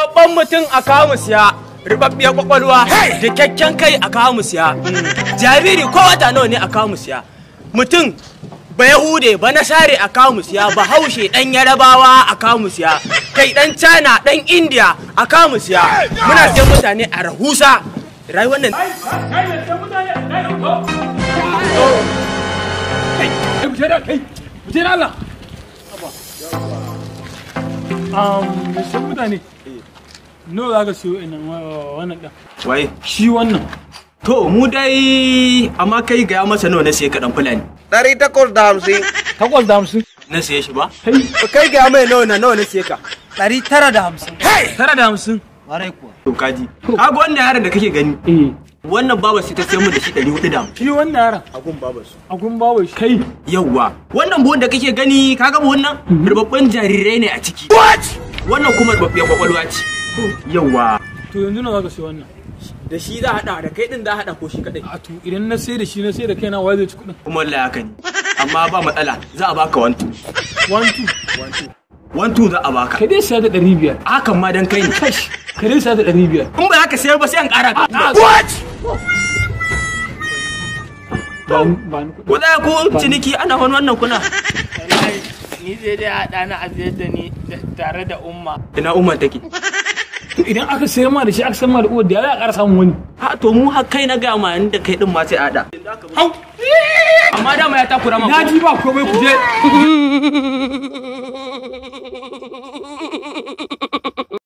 babban mutum a kawo siya rubabbiyar kwakwalwa jikakken kai a kawo siya jariri ko wata nawa ne a kawo siya mutum ba hude ba na share a kawo siya ba haushe dan yarabawa a kawo siya kai dan china dan india a kawo siya muna siyan mutane a rahusa rayuwar nan Um, da mutane. No za ka siyo inan wannan ɗan. Waye? Shi wannan. To, mu dai amma kai gaya masa nawa na siye kaɗan fulani. Ɗari takwas da hamsin. Takwas da hamsin? Na siye shi ba? Kai gaya mai nawa na nawa na siye ka. Ɗari tara da hamsin. Tara da hamsin. Warai kuwa. To kaji. Kaga wannan yaron da kake gani. Eh. wannan babar shi ta sayi mu da shi 400 dam shi wannan yaran agun babar shi agun babar shi kai yawa wannan buhun da kake gani ka ga wannan mhm. rubabban jarirai ne a ciki what wannan kuma rubabbiyar kwakwalwa ce yawa to yanzu na zaka sai wannan da shi za hada da kai din za hada ko shi kadai a to idan na sai da shi na sai da kaina wai zai ci kudin kuma Allah ya kani amma ba matsala za a baka wantu wantu wantu wantu za a baka ka dai sai da 500 hakan ma dan kai ne kash ka dai sai da 500 in ba haka sayar ba sai an kara what ku tsaya ku ciniki ana wani wannan kuna ni sai dai a ɗana a sayar da ni tare da umma ina umma take idan aka sayar ma da shi aka sayar ma da uwar da ya ƙara samun wani ha to mu har kai na ga ma inda kai din ma sai a da hau amma dama ya takura ma na ji ba komai ku je